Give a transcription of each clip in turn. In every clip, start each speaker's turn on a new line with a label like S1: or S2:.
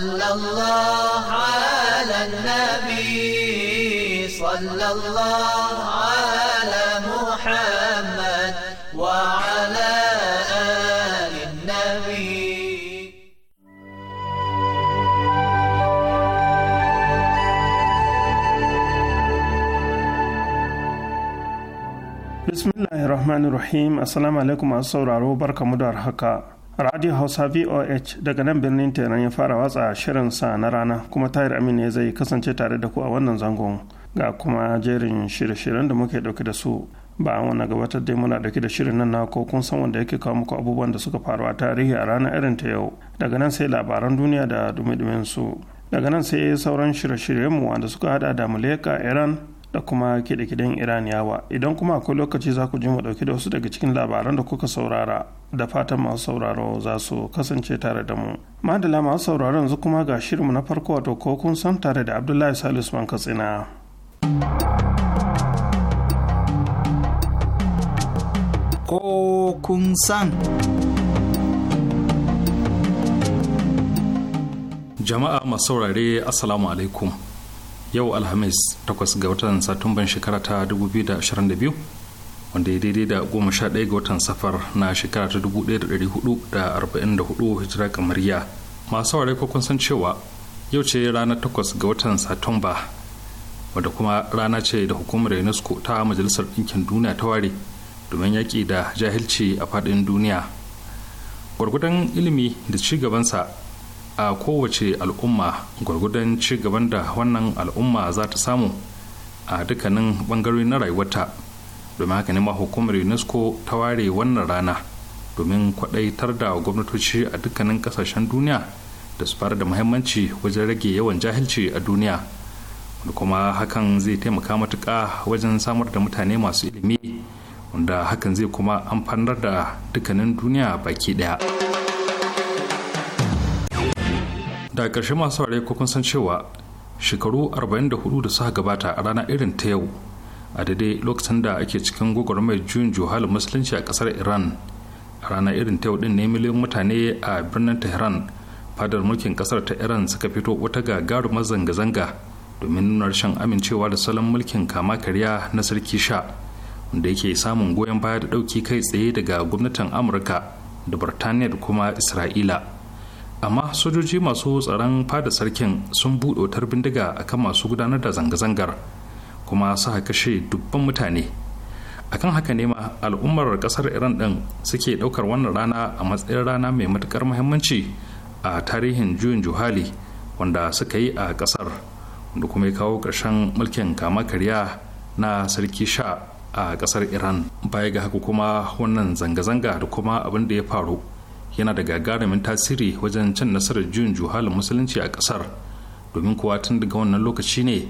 S1: صلى الله على النبي صلى الله على محمد وعلى آل النبي
S2: bismillahir rahmanir rahim assalamu alaikum masu sauraro barkamu da haka radio hausa voh daga nan birnin teran ya fara watsa shirin sa na rana kuma tahir amin ne zai kasance tare da ku a wannan zangon ga kuma jerin shirye-shiryen da muke dauke da su ba an wani gabatar dai muna dauke da shirin nan na ko kun san wanda yake kawo muku abubuwan da suka faru a tarihi a ranar irin ta yau daga nan sai labaran duniya da dumi su daga nan sai sauran shirye shiryen mu wanda suka hada da muleka iran da kuma kiɗe iraniyawa idan kuma akwai lokaci za ku ji mu ɗauki da wasu daga cikin labaran da kuka saurara da fatan masu sauraro za su kasance tare da mu madala masu sauraro yanzu kuma ga shirinmu na farko wato ko kun san tare da abdullahi salis man katsina
S3: ko kun san
S4: jama'a masu saurare assalamu alaikum yau alhamis 8 ga watan satumban shekara ta 2022 wanda ya daidai da 11 ga watan safar na shekara ta 1444 hijira kamariya masu ware san cewa yau ce ranar 8 ga watan satumba wadda kuma rana ce da hukumar unesco ta majalisar ɗinkin duniya ta ware domin yaƙi da jahilci a faɗin duniya gwargwadon ilimi da ci gabansa a kowace al'umma gwargwadon ci gaban da wannan al'umma za ta samu a dukkanin bangarori na rayuwarta domin haka ne hukumar unesco ta ware wannan rana domin kwadaitar da gwamnatoci a dukkanin ƙasashen duniya da su fara da muhimmanci wajen rage yawan jahilci a duniya wanda kuma hakan zai taimaka matuka wajen samar da mutane masu ilimi wanda hakan zai kuma amfanar da dukkanin duniya baki ɗaya. da ƙarshe masu ko kun san cewa shekaru 44 da suka gabata a rana irin ta yau a daidai lokacin da ake cikin mai juyin juhal musulunci a ƙasar iran a rana irin ta yau din ne miliyan mutane a birnin tehran fadar mulkin ƙasar ta iran suka fito wata gagarumar zanga-zanga domin nuna rashin amincewa da salon mulkin kama karya na sarki sha wanda yake samun goyon baya da ɗauki kai tsaye daga gwamnatin amurka da birtaniya da kuma isra'ila amma sojoji masu tsaron fada sarkin sun buɗe wutar bindiga akan masu gudanar da zanga-zangar kuma su kashe dubban mutane akan haka ne ma al'ummar kasar iran ɗin suke ɗaukar wannan rana a matsayin rana mai matukar muhimmanci a tarihin juyin juhali wanda suka yi a ƙasar wanda kuma ya kawo ƙarshen mulkin kama karya na sarki sha a ƙasar iran baya ga haka kuma wannan zanga-zanga da kuma abin da ya faru yana da gagarumin tasiri wajen cin nasarar juyin juhalin musulunci a kasar domin kuwa tun daga wannan lokaci ne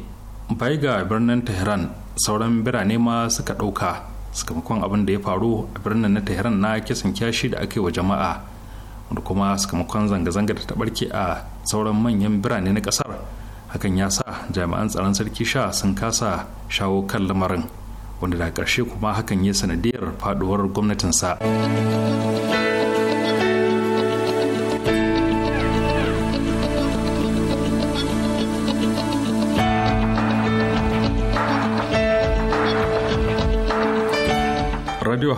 S4: bai ga birnin tehran sauran birane ma suka ɗauka sakamakon abin da ya faru a birnin na tehran na kisan kyashi da aka yi wa jama'a wanda kuma sakamakon zanga-zanga da ta barke a sauran manyan birane na kasar hakan ya sa jami'an tsaron sarki sha sun kasa shawo kan lamarin wanda da ƙarshe kuma hakan ya sanadiyar faduwar gwamnatinsa.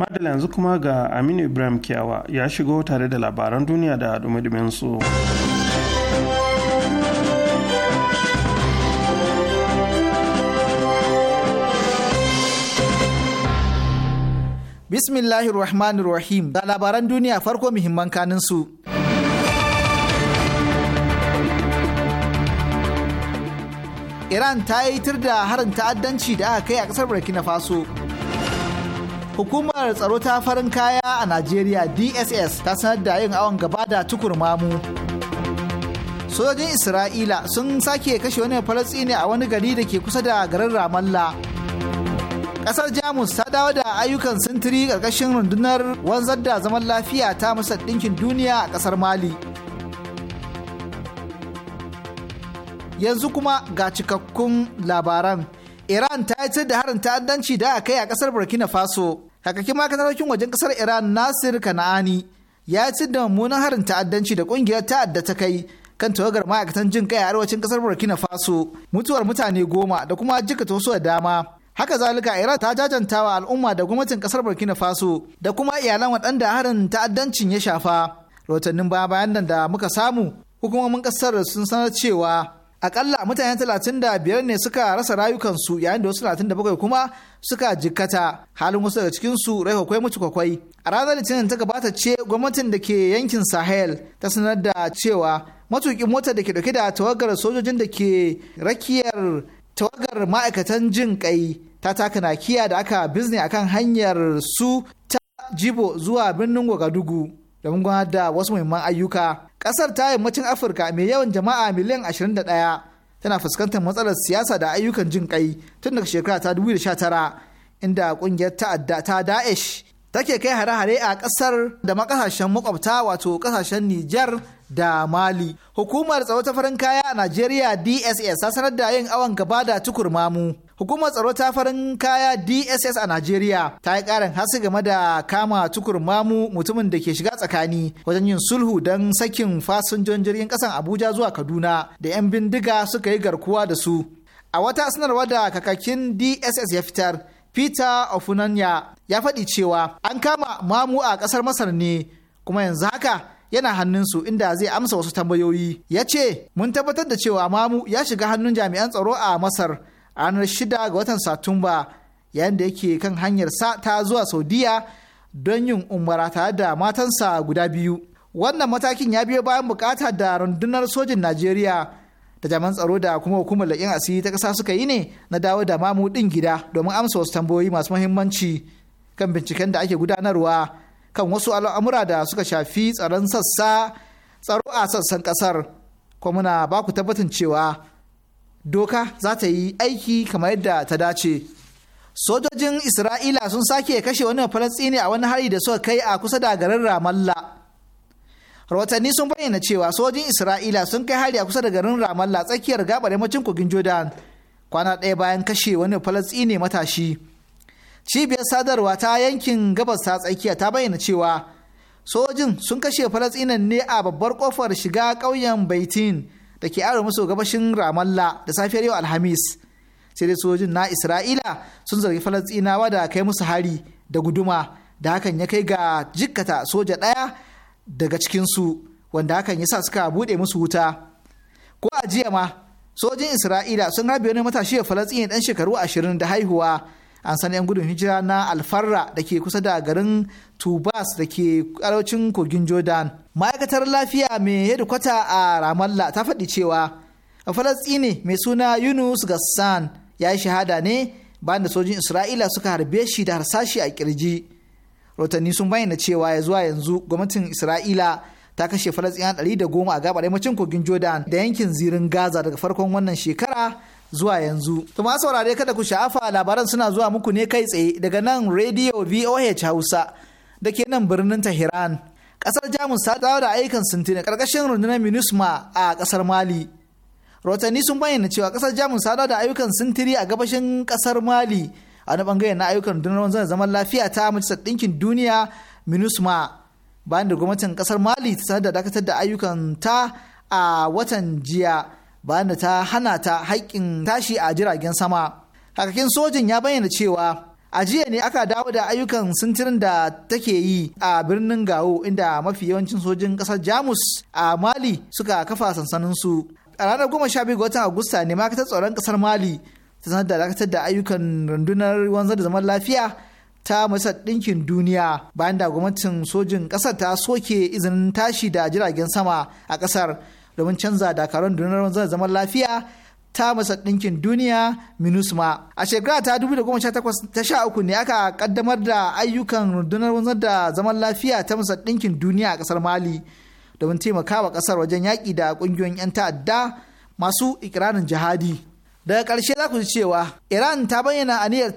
S2: madala yanzu kuma ga aminu ibrahim kiyawa ya shigo tare da labaran duniya da dumi su.
S3: bismillahir rahmanir rahim da labaran duniya farko muhimman kanin su iran ta yi tir da harin ta'addanci da aka kai a kasar burkina faso Hukumar tsaro ta farin kaya a Najeriya DSS ta sanar da yin awon gaba da tukurmamu. Sojojin Isra'ila sun sake kashe wani ne a wani gari da ke kusa da garin Ramallah. Kasar Jamus ta dawo da ayyukan sintiri karkashin rundunar wanzar da zaman lafiya ta masa dinkin Duniya a ƙasar Mali. Yanzu kuma ga cikakkun labaran. Iran ta yi da harin ta'addanci da aka yi a ƙasar Burkina Faso. kakakin makasaraukin wajen kasar iran nasir kana'ani ya ci da mummunan harin ta'addanci da kungiyar ta'adda ta kai kan tawagar ma'aikatan jin kai a arewacin kasar burkina faso mutuwar mutane goma da kuma jikata wasu da dama haka zalika iran ta jajanta wa al'umma da gwamnatin kasar burkina faso da kuma iyalan waɗanda harin ta'addancin ya shafa rahotannin baya bayan da muka samu hukumomin kasar sun sanar cewa akalla mutane 35 ne suka rasa rayukansu yayin da wasu 37 kuma suka jikkata halin wasu daga cikinsu rai kwakwai mutu kwakwai a ranar litinin ta gabata ce gwamnatin da ke yankin sahel ta sanar da cewa matuƙin motar da ke dauke da tawagar sojojin da ke rakiyar tawagar ma'aikatan jin kai ta taka nakiya da aka bizne akan hanyar su ta jibo zuwa birnin gwagadugu da gudanar da wasu muhimman ayyuka. Ƙasar ta yammacin Afirka mai yawan jama'a miliyan da 21 tana fuskantar matsalar siyasa da ayyukan jin kai tun daga shekara ta 2019 inda ƙungiyar ta'adda ta da'ish take kai hare-hare a ƙasar da makasashen makwabta wato ƙasashen Nijar da Mali. Hukumar tsaro ta farin kaya a Najeriya DSS ta sanar da yin awon gaba da tukurmamu. Hukumar tsaro ta farin kaya DSS a Najeriya ta yi karin hasi game da kama tukurmamu mutumin da ke shiga tsakani wajen yin sulhu don sakin fasinjojin jirgin kasan Abuja zuwa Kaduna da 'yan bindiga suka yi garkuwa da su. A wata sanarwa da kakakin DSS ya fitar, Peter Ofunanya ya faɗi cewa an kama mamu a ƙasar Masar ne kuma yanzu haka yana hannunsu inda zai amsa wasu tambayoyi ya ce mun tabbatar da cewa mamu ya shiga hannun jami'an tsaro a masar a ranar shida ga watan satumba yayin da yake kan hanyar sa ta zuwa saudiya don yin umara tare da matansa guda biyu wannan matakin ya biyo bayan bukata da rundunar sojin najeriya da jami'an tsaro da kuma hukumar laƙin asiri ta ƙasa suka yi ne na dawo da mamu ɗin gida domin amsa wasu tambayoyi masu muhimmanci kan binciken da ake gudanarwa kan wasu al'amura da suka shafi tsaron sassa tsaro a sassan kasar kuma muna ba ku tabbatin cewa doka za ta yi aiki kamar yadda ta dace sojojin isra'ila sun sake kashe wani falastini a wani hari da suka kai a kusa da garin ramallah rahotanni sun bayyana cewa sojojin isra'ila sun kai hari a kusa da garin ramallah tsakiyar gabar yammacin kogin jordan kwana ɗaya bayan kashe wani falastini matashi cibiyar sadarwa ta yankin gabas ta tsakiya ta bayyana cewa sojin sun kashe falastinan ne a babbar kofar shiga ƙauyen baitin da ke arewa maso gabashin ramallah da safiyar yau alhamis sai dai sojin na isra'ila sun zargi falastinawa da kai musu hari da guduma da hakan ya kai ga jikkata soja ɗaya daga cikinsu wanda hakan ya sa suka buɗe musu wuta ko a jiya ma sojin isra'ila sun harbe wani matashi da falastini ɗan shekaru ashirin da haihuwa an san 'yan gudun hijira na alfarra da ke kusa da garin tubas da ke arewacin kogin jordan ma'aikatar lafiya mai hedikwata a ramallah ta faɗi cewa a falastini mai suna yunus gassan ya yi shahada ne bayan da sojin isra'ila suka harbe shi da harsashi a kirji rotanni sun bayyana cewa ya zuwa yanzu gwamnatin isra'ila ta kashe falasɗina ɗari da goma a gabar yammacin kogin jordan da yankin zirin gaza daga farkon wannan shekara zuwa yanzu. To ma saurare kada ku sha'afa labaran suna zuwa muku ne kai tsaye daga nan Radio VOH Hausa da ke nan birnin Tehran. Kasar Jamus ta dawo da ayyukan sintina karkashin rundunar MINUSMA a kasar Mali. Rotani sun bayyana cewa kasar Jamus ta dawo da ayyukan sintiri a gabashin kasar Mali a wani bangare na ayyukan rundunar wanzan zaman lafiya ta Majalisar Ɗinkin Duniya MINUSMA bayan da gwamnatin kasar Mali ta sanar da dakatar da ayyukan ta a watan jiya. bayan da ta hana ta haƙƙin tashi a jiragen sama. Hakakin sojin ya bayyana cewa a jiya ne aka dawo da ayyukan sintirin da take yi a birnin Gawo inda mafi yawancin sojin ƙasar Jamus a Mali suka kafa sansaninsu. A ranar goma sha biyu ga watan Agusta ne ma'aikatar tsaron ƙasar Mali ta sanar da dakatar da ayyukan rundunar wanzar da zaman lafiya ta masar Ɗinkin Duniya bayan da gwamnatin sojin ƙasar ta soke izinin tashi da jiragen sama a ƙasar. domin canza dakarun rundunar zan zaman lafiya ta masa ɗinkin duniya minusma a shekara ta 2018 ne aka kaddamar da ayyukan rundunar wanzar da zaman lafiya ta masa ɗinkin duniya a ƙasar mali domin taimakawa ƙasar wajen yaƙi da ƙungiyoyin 'yan ta'adda masu ikirarin jihadi daga ƙarshe za ku ji cewa iran ta bayyana aniyar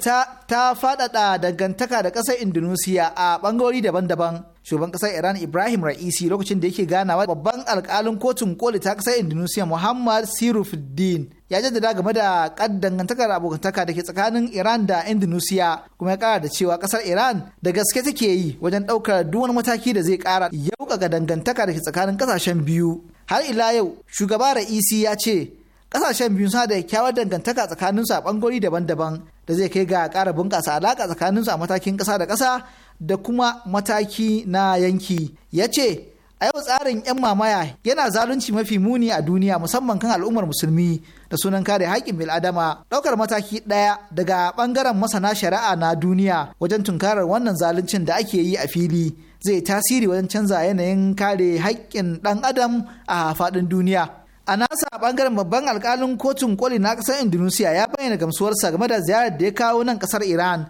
S3: ta faɗaɗa dangantaka da ƙasar indonesia a ɓangarori daban-daban shugaban kasar iran ibrahim ra'isi lokacin da yake ganawa babban alkalin kotun koli ta kasar indonesia muhammad sirufuddin ya jaddada game da kaddangantakar abokantaka da ke tsakanin iran da indonesia kuma ya kara da cewa kasar iran da gaske take yi wajen daukar duwan mataki da zai kara yaukaka dangantaka da ke tsakanin kasashen biyu har ila yau shugaba ra'isi ya ce kasashen biyu suna da kyakkyawar dangantaka tsakaninsu a bangori daban-daban da zai kai ga kara bunƙasa alaƙa tsakaninsu a matakin kasa da kasa da kuma mataki na yanki ya ce a yau tsarin 'yan mamaya yana zalunci mafi muni a duniya musamman kan al'ummar musulmi da sunan kare haƙƙin bil'adama ɗaukar mataki ɗaya daga ɓangaren masana shari'a na duniya wajen tunkarar wannan zaluncin da ake yi a fili zai tasiri wajen canza yanayin kare haƙƙin ɗan adam a faɗin duniya A nasa ɓangaren bangaren babban alkalin kotun koli na ƙasar Indonesia ya bayyana gamsuwarsa game da ziyarar da ya kawo nan ƙasar Iran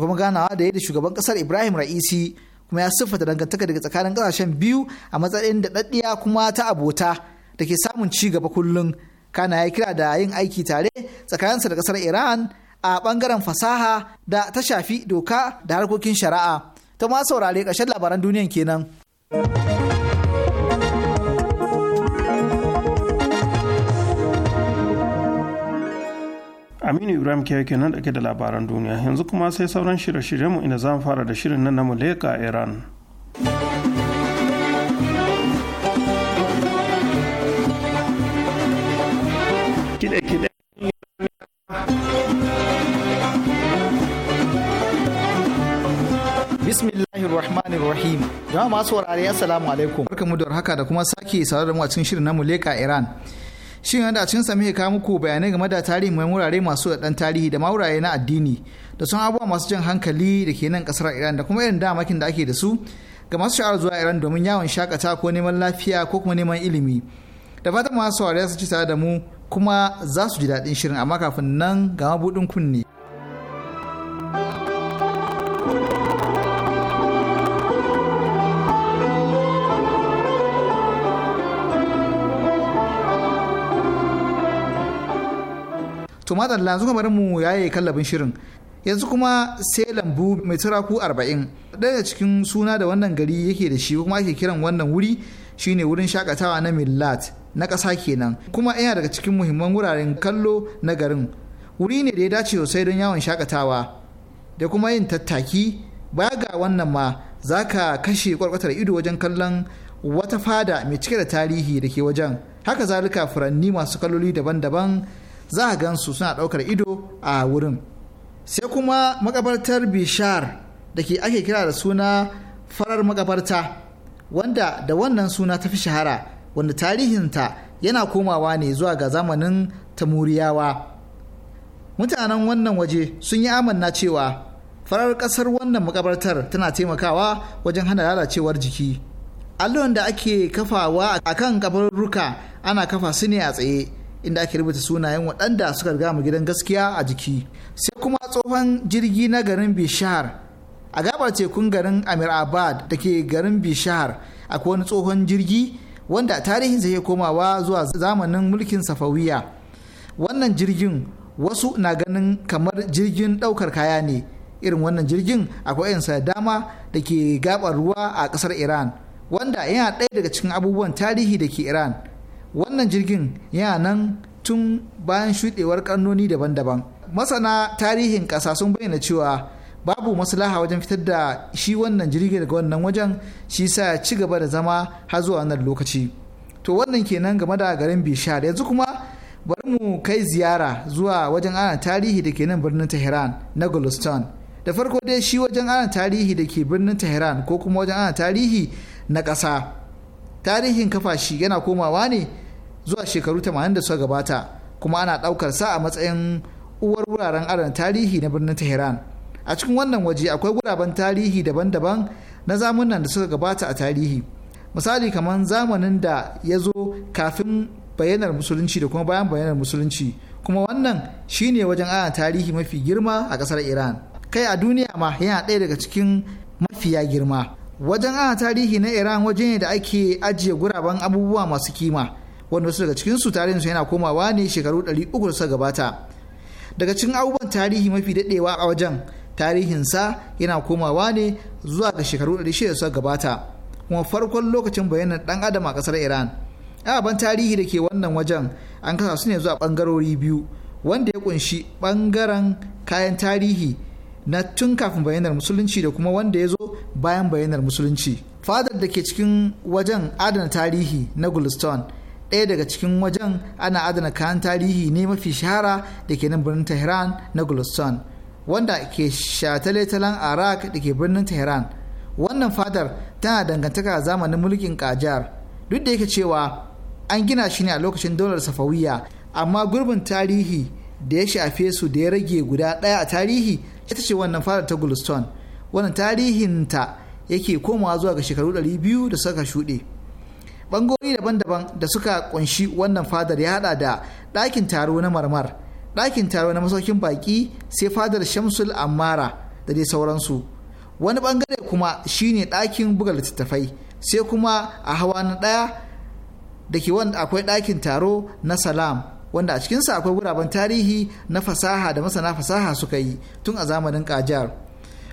S3: da kuma ganawa da ya da shugaban kasar ibrahim ra'isi kuma ya siffata dangantaka daga tsakanin kasashen biyu a matsayin da daddiya kuma ta abota da ke samun ci gaba kullum kana ya kira da yin aiki tare tsakaninsa da kasar iran a bangaren fasaha da ta shafi doka da harkokin shari'a ta ma saurare ƙarshen labaran duniya kenan.
S2: aminu ibrahim ke yake nan dake da labaran duniya yanzu kuma sai sauran shirye-shiryenmu inda mu fara da shirin nan na muleka iran
S3: jama'a masu warare assalamu alaikum barkamu da haka da kuma sake saurare da mu a cikin shirin na muleka iran Shin yadda cin sami ka muku bayanai game da tarihi mai wurare masu da ɗan tarihi da mawuraye na addini da sun abubuwa masu jan hankali da ke nan kasar Iran da kuma irin damakin da ake da su ga masu sha'awar zuwa Iran domin yawon shakata ko neman lafiya ko kuma neman ilimi. Da fatan masu saurare su ci tare da mu kuma za su ji daɗin shirin amma kafin nan ga mabuɗin kunne. to madalla yanzu kamar mu yaye kallabin shirin yanzu kuma sai lambu mai turaku arba'in daya cikin suna da wannan gari yake da shi kuma ake kiran wannan wuri shine wurin shakatawa na millat na ƙasa kenan kuma yana daga cikin muhimman wuraren kallo na garin wuri ne da ya dace sosai don yawon shakatawa da kuma yin tattaki ba ga wannan ma za ka kashe kwarkwatar ido wajen kallon wata fada mai cike da tarihi da ke wajen haka zalika furanni masu kaloli daban-daban za a gansu suna ɗaukar ido a wurin sai kuma makabartar bishar da ke ake kira da suna farar makabarta wanda da wannan suna ta fi shahara wanda tarihinta yana komawa ne zuwa ga zamanin tamuriyawa mutanen wannan waje sun yi amanna cewa farar ƙasar wannan makabartar tana taimakawa wajen hana lalacewar jiki allon da ake kafawa a kan ruka ana kafa su ne a tsaye inda ake rubuta sunayen waɗanda suka riga mu gidan gaskiya a jiki sai kuma tsohon jirgi na garin bishahar a gabar tekun garin amir abad da ke garin bishahar akwai wani tsohon jirgi wanda tarihin zai komawa zuwa zamanin mulkin safawiya wannan jirgin wasu na ganin kamar jirgin ɗaukar kaya ne irin wannan jirgin akwai yansa dama da ke gabar ruwa a ƙasar iran wanda yana ɗaya daga cikin abubuwan tarihi da ke iran wannan jirgin yana nan tun bayan shuɗewar ƙarnoni daban-daban masana tarihin ƙasa sun bayyana cewa babu maslaha wajen fitar da shi wannan jirgi daga wannan wajen shi sa ya ci gaba da zama har zuwa wannan lokaci to wannan kenan game da garin bishar yanzu kuma bari mu kai ziyara zuwa wajen ana tarihi da ke nan birnin tehran na gulistan da farko dai shi wajen ana tarihi da ke birnin tehran ko kuma wajen ana tarihi na ƙasa tarihin kafa shi yana komawa ne zuwa shekaru 80 da suka gabata kuma ana ɗaukar sa a matsayin uwar wuraren aron tarihi na birnin tehran a cikin wannan waje akwai guraben tarihi daban-daban na zamanin da suka gabata a tarihi misali kamar zamanin da ya zo kafin bayanar musulunci da kuma bayan bayanar musulunci kuma wannan shine wajen ana tarihi mafi girma a kasar iran kai a duniya ma yana ɗaya daga cikin mafiya girma wajen ana tarihi na iran waje ne da ake ajiye guraben abubuwa masu kima wanda wasu daga cikin tarihin tarihinsu yana komawa ne shekaru 300 da suka gabata daga cikin abubuwan tarihi mafi daɗewa a wajen tarihinsa yana komawa ne zuwa ga shekaru 600 da suka gabata kuma farkon lokacin bayanan ɗan adam a kasar iran ababen tarihi da ke wannan wajen an kasa su ne zuwa ɓangarori biyu wanda ya kunshi ɓangaren kayan tarihi na tun kafin bayanar musulunci da kuma wanda ya zo bayan bayanar musulunci fadar da ke cikin wajen adana tarihi na gulistone ɗaya daga cikin wajen ana adana kayan tarihi ne mafi shahara da ke nan birnin tehran na gulistan wanda ke shataletalen arak da ke birnin tehran wannan fadar tana dangantaka zamanin mulkin kajar duk da yake cewa an gina shi ne a lokacin daular safawiya amma gurbin tarihi da ya shafe su da ya rage guda ɗaya a tarihi ita ce wannan fadar ta gulistan wannan tarihinta yake komawa zuwa ga shekaru 200 da suka shuɗe. bangori daban-daban da suka kunshi wannan fadar ya hada da ɗakin taro na marmar ɗakin taro na masaukin baki sai fadar shamsul ammara da dai sauransu wani bangare kuma shine ɗakin buga littattafai sai kuma a hawa na ɗaya da ke wanda akwai ɗakin taro na salam wanda a cikinsa akwai guraben tarihi na fasaha da masana fasaha suka yi tun a zamanin kajar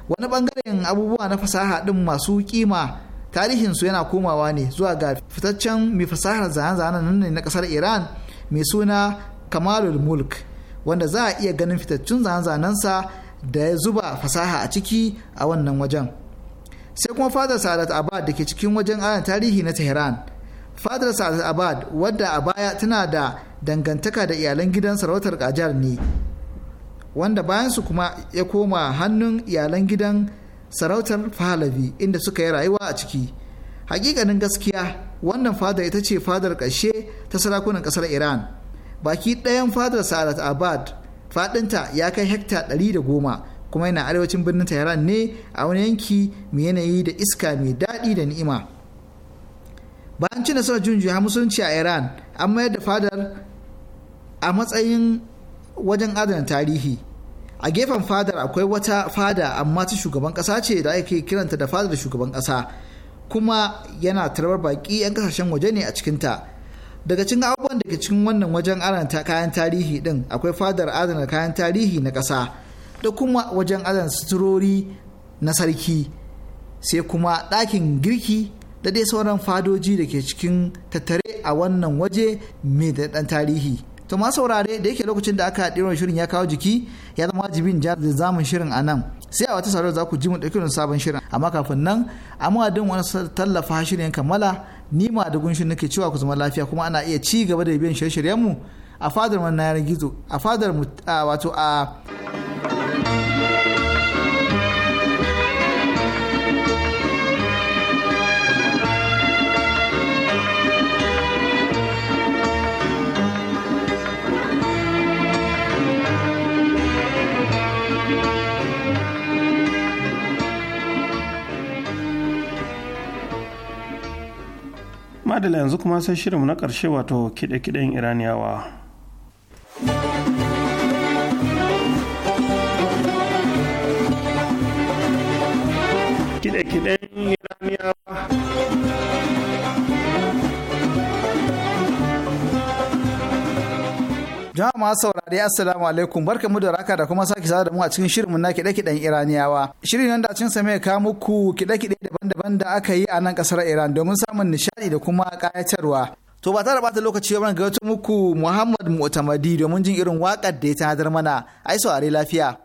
S3: wani bangaren abubuwa na fasaha ɗin masu kima tarihinsu yana komawa ne zuwa ga fitaccen mai fasahar zane zane nan ne na kasar iran mai suna kamalul mulk wanda za a iya ganin fitaccen zane sa da ya zuba fasaha a ciki a wannan wajen sai kuma fadar sa'adat abad da ke cikin wajen ana tarihi na tehran fadar sa'adat abad wadda a baya tana da dangantaka da iyalan gidan sarautar kajar ne wanda bayansu kuma ya koma hannun iyalan gidan sarautar Pahlavi inda suka yi rayuwa a ciki. Hakikanin gaskiya wannan fadar ita ce fadar ƙarshe ta sarakunan ƙasar Iran. Baki ɗayan fadar Sa'adat Abad faɗinta ya kai hekta ɗari da goma kuma yana arewacin birnin Tehran ne a wani yanki mai yanayi da iska mai daɗi da ni'ima. Bayan cin nasarar junjiya musulunci a Iran an mayar da fadar a matsayin wajen adana tarihi a gefen fadar akwai wata fada amma ta shugaban kasa ce da ake kiranta da fadar shugaban kasa kuma yana tarbar baki 'yan kasashen waje ne a cikinta daga cikin abubuwan da ke cikin wannan wajen adana kayan tarihi din akwai fadar adana kayan tarihi na kasa da kuma wajen adana suturori na sarki sai kuma ɗakin girki da dai sauran fadoji da ke cikin tattare a wannan waje mai daɗan tarihi to ma saurare da yake lokacin da aka haɗe shirin ya kawo jiki ya zama wajibin jihar da zamun shirin a nan sai a wata saurare za ku ji mu ɗauki wani sabon shirin amma kafin nan a duk wani tallafa shirin kammala ni ma da gunshin nake cewa ku zama lafiya kuma ana iya ci gaba da biyan shirye-shiryen mu a fadar mu na yanar gizo a fadar mu wato a
S2: madala yanzu kuma sai shirinmu na ƙarshe wato kiɗe-kiɗen iraniyawa
S3: masu saurari assalamu alaikum mu da raka da kuma sake sada mu a cikin shirinmu na kiɗe-kiɗen Iraniyawa. Shirin nan da cin sa mai kawo muku kiɗe-kiɗe daban-daban da aka yi a nan ƙasar Iran domin samun nishaɗi da kuma kayatarwa. To ba tare bata lokaci ba gabatar muku Muhammad Mu'tamadi domin jin irin wakar da ya tanadar mana. Ai saurari lafiya.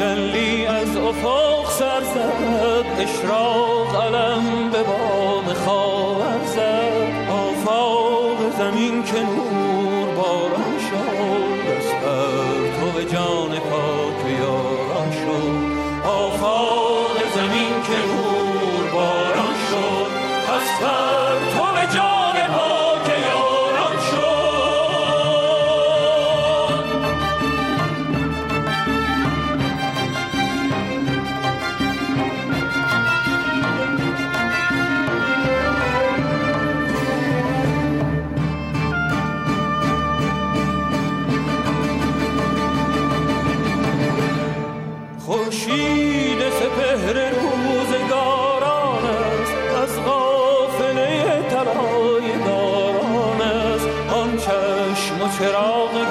S1: تجلی از افق سر زد اشراق علم به بام خواهر should all the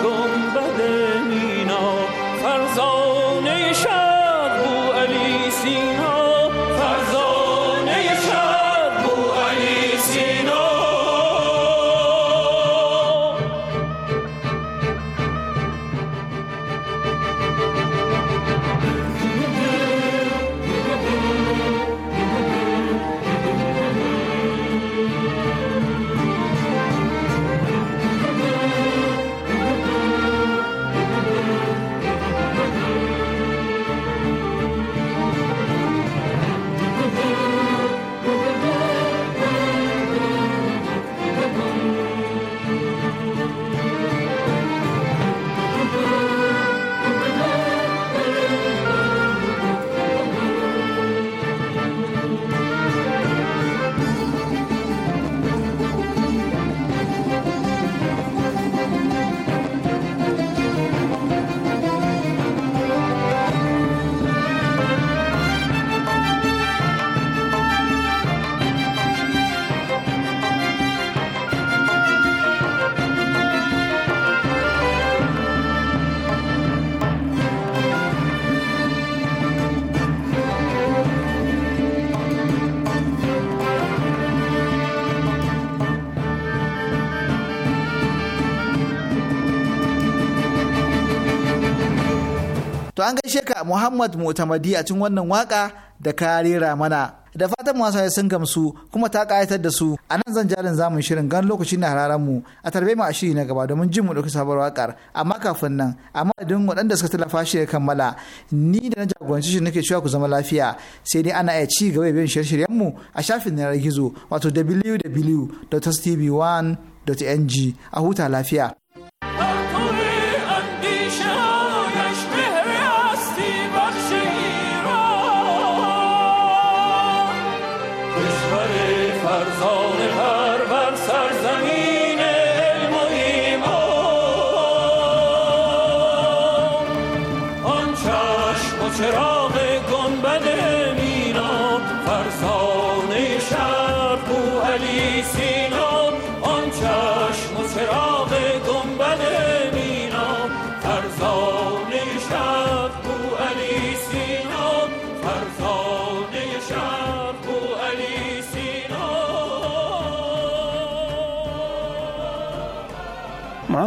S3: To an gaishe ka Muhammad motamadi a cikin wannan waka da ka rera mana. Da fatan masu sun gamsu kuma ta ƙayatar da su a nan zan jarin zamun shirin gan lokaci na hararen mu a tarbe mu a shiri na gaba domin jin mu ɗauki sabuwar wakar amma kafin nan amma idan waɗanda suka tallafa shi ya kammala ni da na jagoranci shi nake cewa ku zama lafiya sai dai ana iya ci gaba bin shirye-shiryen mu a shafin na gizo wato www.tv1.ng a huta lafiya.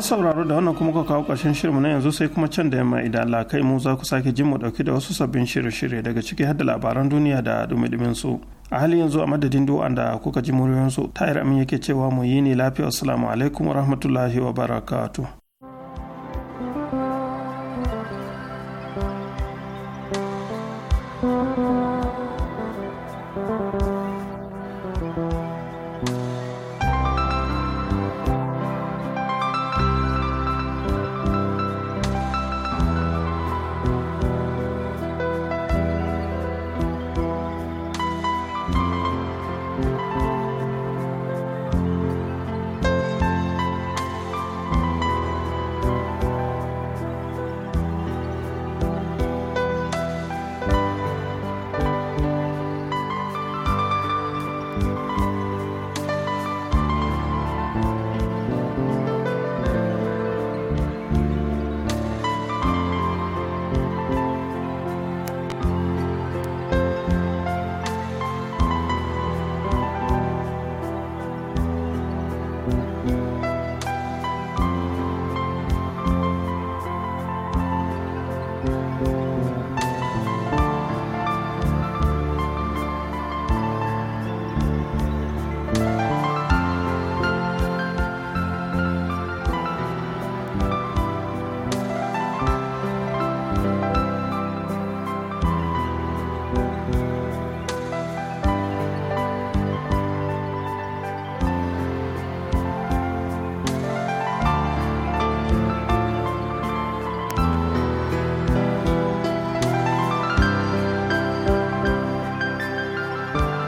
S2: masu sauraro da wannan kuma ka kawo ƙarshen shirinmu na yanzu sai kuma can da yamma idan Allah kai mu za ku sake jin mu dauki da wasu sabbin shirye-shirye daga ciki har da labaran duniya da dumi-dumin su a hali yanzu a madadin duwan da kuka ji muryoyin su tayar amin yake cewa mu yi ne lafiya assalamu alaikum wa rahmatullahi wa barakatuh